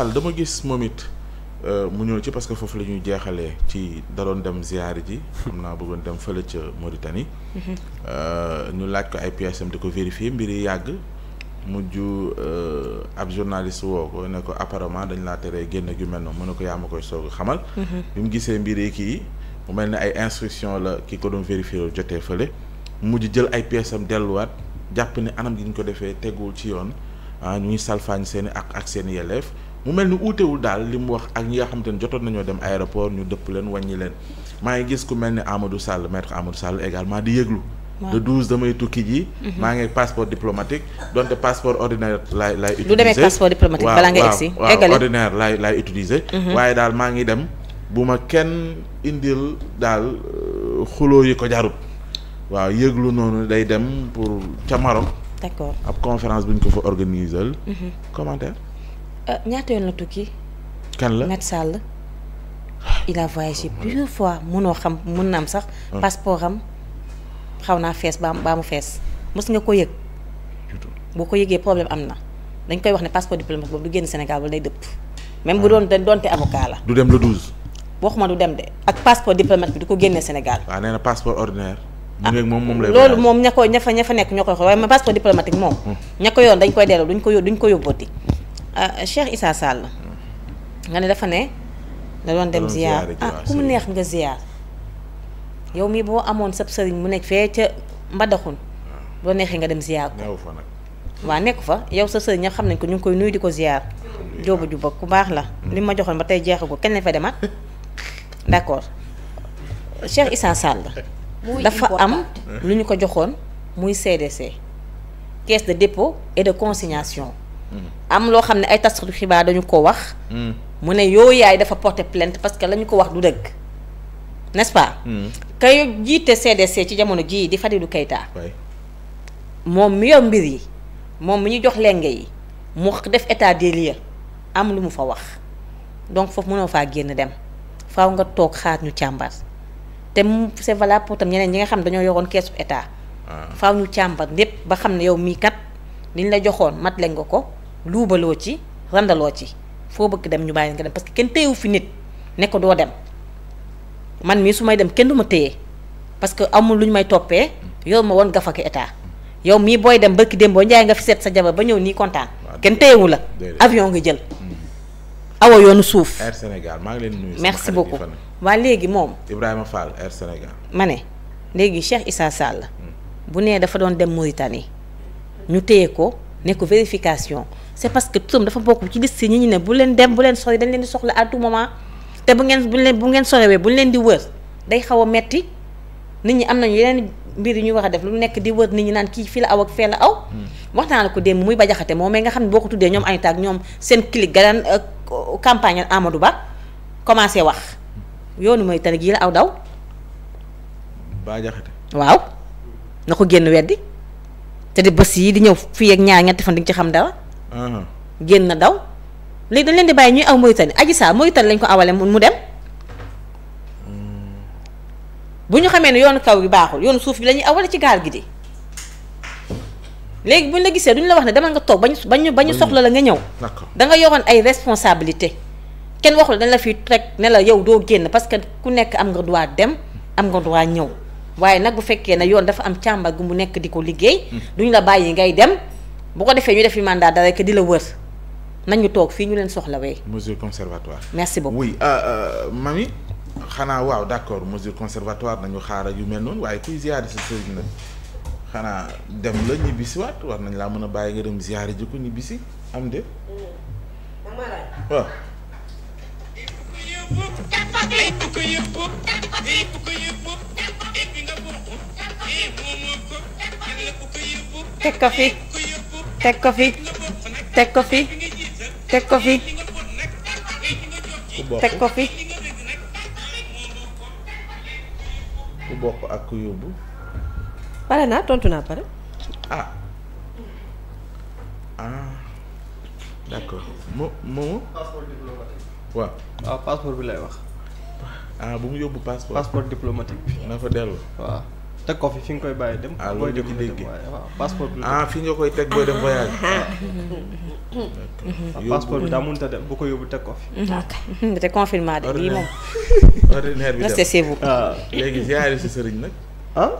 Sall dama gis moom it euh, mu ñëw ci parce que foofu la ñuy ci da doon dem ziyaari ji xam naa bëggoon dem fële ca Mauritanie euh, ñu laaj ko ay pièces am di ko vérifier mbir yi yàgg mujj euh, ab journaliste woo ko ne ko apparemment dañ laa teree génn gu mel noonu a xamal mhm. bi mu gisee yi kii mu mel ne ay instruction la ki ko doon vérifier jotee fële mujj jël ay pièces am delluwaat jàpp ne anam gi ñu ko defee tegul ci yoon ah ñuy salfaañ seen i ak ak seen i yelleef mu mel ni uutewul daal li mu wax ak ñi nga xamante ne jotoon nañoo dem aéroport ñu dëpp leen wàññi leen maa ngi gis ku mel ni Amadou Sall maître Amadou Sall également di yëglu de douze damay tukki ji. Mhm. maa ngi passeport diplomatique donte passeport ordinaire laay laay utiliser. lu demee passeport diplomatique balaa nga egsi. Mhm. waaye daal maa ngi dem bu ma kenn indil daal euh, xuloo yi ko jarut. waaw yëglu noonu day dem pour ca Maroc. ab conférence bu ñu ko fa organiser. Mhm. commentaire. Euh, ñaata yoon la tukki. kan la Macky Sall ah. il a voyagé oh fois mënoo xam mun na am sax. Oh. passeport am xaw naa fees ba baa mu fees mës nga ko yëg. boo ko yëgee problème am na dañ koy wax ne passeport diplomatique boobu du génn Sénégal wala day dëpp. même ah. la. du dem de ak passeport diplomatique bi du ko génne Sénégal. waaw nee na passeport ordinaire. ah loolu moom ña ko ña fa ña fa nekk ñoo koy xool waaye passeport diplomatique moom. Hmm. ña ko yoon dañ koy delloo duñ ko yób duñ ko yóbbooti. Euh, Cheikh Issa la nga ne dafa ne da doon dem ziar ah ku mu neex nga ziar yow mii boo amoon sab sëriñ mu nekk fee ca mbadaxun ah. boo neexee nga dem ziar ko waa nekk fa yow sa sëriñ ña xam nañ ko ñu ngi koy nuyu di ko ziar joobu ju ba ku baax la hmm. li ma joxoon ba tey jeexagul kenn la fa demaat d'accord Cheikh Issa Sall dafa am hmm. lu ñu ko joxoon muy CDC caisse de dépôt et de consignation am loo xam ne ay taskatu xibaar dañu ko wax. Mm. mu ne yow yaay dafa porter plant parce que la ko wax du dëgg n'est-ce pas. Mm. kay jiite CDC ci jamono jii di Fadilou Keita. moom mi yor mbir yi moom mu ñu jox lenge yi mu def état des am lu mu fa wax donc foofu mënoo faa génn dem faaw nga toog xaar ñu càmbar te mu c'est valable pour ñeneen ñi nga xam dañoo yoroon keesu état. Ah. faaw ñu càmbar lépp ba xam ne yow mii kat liñ la joxoon mat lañ nga ko. luubaloo ci randaloo ci foo bëgg dem ñu bàyyi nga dem parce que kenn téyewu fi nit ne doo dem man mii su may dem kenn du ma téye parce que amul lu ñu may toppee yow ma woon gafaka état yow mii booy dem barki démboo njaay nga fi seet sa jabar ba ñëw nii kontaan kenn téyewu la avion nga jël mm-hmm. awa yoonu suuf Air Sénégal maa ngi leen nuyu merci beaucoup waa léegi moom Ibrahima Fall Air Sénégal ma ne léegi Cheikh Issa la mm. bu nee dafa doon dem Mauritanie ñu téye ko ne vérification c'est parce que turam dafa bokk ci liste ñi ñu ne bu leen dem bu leen sori dañ leen di soxla à tout te bu ngeen bu leen bu ngeen sorewee bu leen di wër day xaw a metti nit ñi am nañu yeneen mbir yu ñuy wax a def lu nekk di wër nit ñi naan kii fii la aw ak fee la aw. Hmm. wax naa ko démb muy bajaxate moom mais nga xam ne boo ko tuddee ñoom Anita ak ñoom seen clique ga daan euh, campagne Amadou Ba commencé wax yoonu mooy tane gii aw daw. bajaxate waaw na ko génn weddi te di bés yi di ñëw fii ak ñaar ñetti fan di ci xam dara. génn na daw léegi dañ leen di bàyyi ñuy aw Mauritanie Adji Sarr Mauritanie lañ ko awale mu dem hmm. bu ñu xamee ne yoonu kaw yi baaxul yoonu suuf bi la ñuy awale ci gaal gi di léegi bu ñu la gisee duñu la wax ne demal nga toog bañu bañu bañu soxla la nga ñëw da nga yoroon ay responsabilité kenn waxul dañ la fi rek ne la yow doo génn parce que ku nekk am nga droit dem am nga droit ñëw waaye nag bu fekkee ne yoon dafa am càmbar gu mu nekk di ko liggéey hmm. duñu la bàyyi ngay dem bu ko defee ñu def fi mandat dara que di la wër nañu toog fii ñu leen soxlawee. mesure conservatoire. merci beaucoup oui mami xanaa waaw d'accord mesure conservatoire nañu xaar yu mel noonu waaye kuy ziare sa sëriñ nag xanaa dem la ñibbisiwaat war nañ laa mën a bàyyi nga dem ziare ji ko ñibbisi am de. waaw. teg teg ko teg ko fi teg ko fi teg ko fi ku bokk ak ku yóbbu pare naa tontu naa pare ah ah d'accord mo moomu waaw passeport bi lay wax ah bu mu yóbbu passeport passeport diplomatique bi na fa dellu waaw teg ko fi fi nga koy bàyyi dem. ah loolu la ci dégg waaw passeport ah, koy teg booy dem voyage. passeport bi daa mënut a dem bu ko yóbbu teg ko fi. Ah, te confirmation de bii moom. ordinaire bi dem ah. léegi ziare sa sëriñ nag. ah.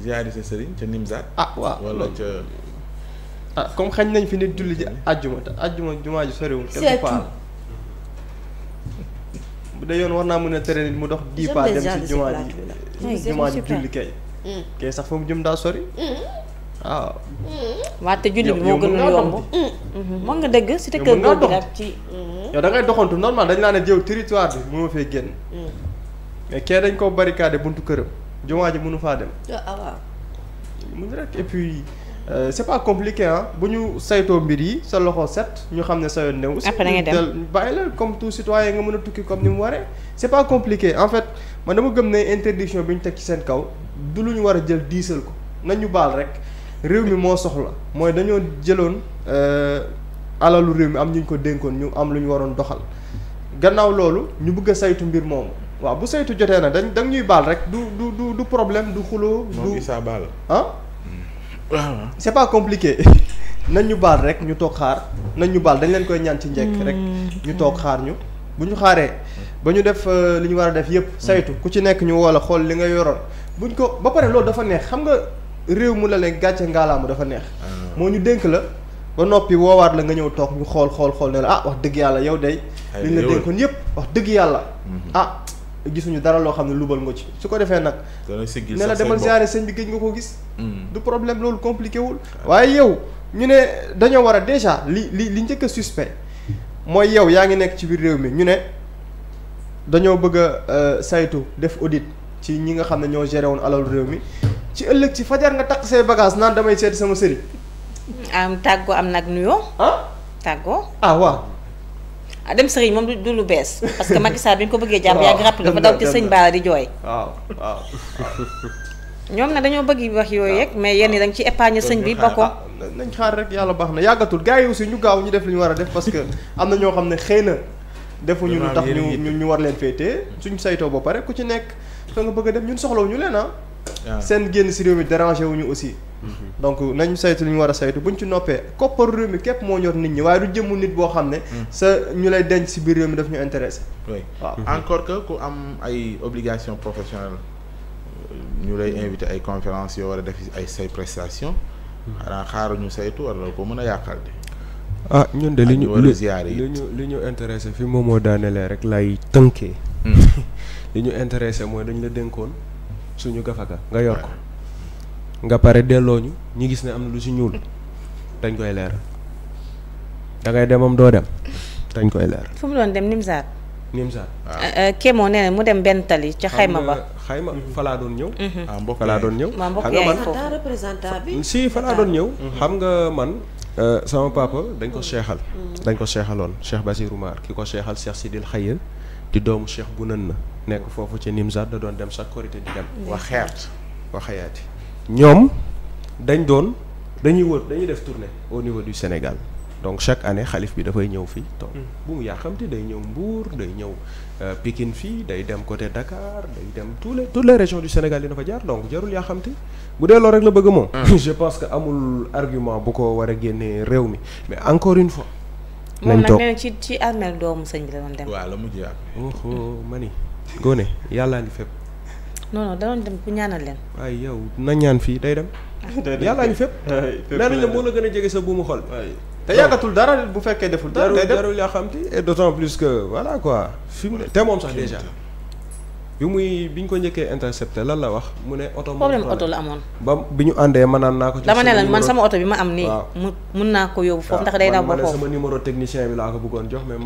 ziare sa sëriñ ca Nimzaat. ah waaw wala ca. ah comme xañ nañ fi nit julli ji àjjuma te àjjuma jumaa ji soriwul. te du bu dee yoon war naa mën a tere nit mu dox dix pas dem ci jumaa ji jumaa ji julli kay mm. kay sax fa jëm daa sori mm. waaw mm. waaw te julli bi moo gën a yomb mm-hmm. mën nga dëgg si te kër googu nag ci yow da doxantu normal dañ laa ne jëw territoire bi mënoo fee génn mais kee dañ ko barricade buntu këram jumaa ji mënu faa dem ah, waaw waaw mu rek et Euh, c'est pas compliqué bu ñu saytoo mbir yi sa loxo set ñu xam ne sa yoon new aussi da ngay la comme tout citoyen nga mën a tukki comme ni mu waree c'est pas compliqué en fait man dama gëm ne interdiction bi ñu teg ci seen kaw du lu ñu war a jël diisal ko nañu baal rek réew mi moo soxla mooy dañoo jëloon euh, alalu réew mi am ñu ko dénkoon ñu am lu ñu waroon doxal gannaaw loolu ñu bëgg a saytu mbir moomu waaw bu saytu jotee nag dañ da ñuy baal rek du du du problème du xuloo du ah waaw uh-huh. c'est pas compliqué nañ ñu baal rek ñu toog xaar nañ ñu baal dañ leen koy ñaan ci njekk rek mm-hmm. ñu toog xaar ñu bu ñu xaaree ba ñu def uh, li ñu war a def yépp saytu mm-hmm. ku ci nekk ñu woo la xool li nga yoroon bu ñu ko ba pare loolu dafa neex xam nga réew mu la ne gàcce ngaalaamu dafa neex ah. moo ñu dénk la ba noppi woowaat la nga ñëw toog ñu xool xool xool ne ah wax dëgg yàlla yow day liñ la dénkoon yépp wax dëgg yàlla mm-hmm. ah gisuñu dara loo xam ne lu lubal nga ci su ko defee nag ne la demal ziare sëñ bi géej nga ko gis hmm. du problème loolu compliqué wul ah. waaye yow ñu ne dañoo war a déjà li li li njëkk a suspect mooy yow yaa ngi nekk ci biir réew mi ñu ne dañoo bëgg a euh, saytu def audite ci ñi nga xam ne ñoo géré woon alal réew mi ci ëllëg ci fajar nga takk say bagage naan damay seeti sama sëriñ am tàggoo am nag nuyoo ah tàggoo ah waaw Ah, dem sëriñ moom du lu bees parce que Macky Sall bi ñu ko bëggee jàpp yàgg ràpp dafa daw ci sëñ Baara di jooy waaw waaw ñoom nag dañoo bëgg wax yooyu rek mais yenn yi da ci épargne sëñ bi ba nañ xaar rek yàlla baax na yàggatul gars si ñu gaaw ñu def li war a def parce que am na ñoo xam ne xëy na defuñu lu tax ñu ñu war leen féetee suñ saytoo ba pare ku ci nekk fa nga bëgg a dem ñun soxlawu ñu leen ah seen génn si réew mi dérangé wuñu aussi Mhm. donc nañ saytu li ñu war a saytu ñu ci noppee koppar réew mi képp moo ñor nit ñi waaye du jëmmu nit boo xam ne. Mhm. sa ñu lay denc si biir réew mi daf ñu intéressé. waaw mhm. encore que ku am ay obligations professionnelles euh, ñu lay invité ay conférences yoo war a def ay say prestations. xanaa ñu saytu war na ko mën a yàqal de. ah ñun de li ñu li ñu li ñu intéressé fi moom moo daanelee rek lay tënkee. li ñu intéressé mooy dañu la dénkoon suñu gafaka nga yor ko. nga pare delloo ñu ñu gis ne am na lu si ñuul dañ koy leer dangay ngay demam doo dem dañ koy leer. fu mu doon dem Nimzaat. Nimzaat waaw. Ah. Eh, eh, Kémo nee mu dem benn tali ca xayma ba xayma mhm. fa laa doon ñëw. Mhm. ah mbokk fa laa doon ñëw. Mhm. xam nga man représentant eh, bi. si ñëw. xam nga man. sama papa dañ ko seexal. dañ ko seexaloon Cheikh Basirou Mar ki ko seexal Cheikh Sidil Xayel di doomu Cheikh bu nën na nekk foofu ca Nimzaat da doon dem sa korité di dem. wa xeert wa xayaati. ñoom dañ doon dañuy wër dañuy def tournée au niveau du Sénégal donc chaque année xalif bi dafay ñëw fii toog mm. bu mu yàqamte day ñëw Mbour day ñëw euh, Pikine fii day dem côté Dakar day dem tout les tout les région du Sénégal dina fa jaar donc jarul yàqamte bu dee loolu rek la bëgg moom mm. je pense que amul argument bu ko war a génnee réew mi mais encore une fois nañ toog moom nag ci ci armeel doomu sëñ bi la doon dem waaw la mujj yàq oho mani Ngoné yàllaa ngi fépp non non danañ dem ku ñaanal leen. waaye yow na ñaan fii day dem. yàllaa ngi fépp. fépp la nee la gën a jege sa buumu xol. te yàggatul dara bu fekkee deful. dara day def jarul yaa xam te et d' autant plus que voilà quoi. fi mu ne te moom sax déjà. bi muy bi ñu ko njëkkee intercepté lan la wax mu ne oto. problème oto la amoon. ba bi ñu àndee mënaan naa ko. ci ne man sama oto bi ma am nii. waaw naa ko yóbbu foofu ndax ah, sama numéro technicien bi laa ko bëggoon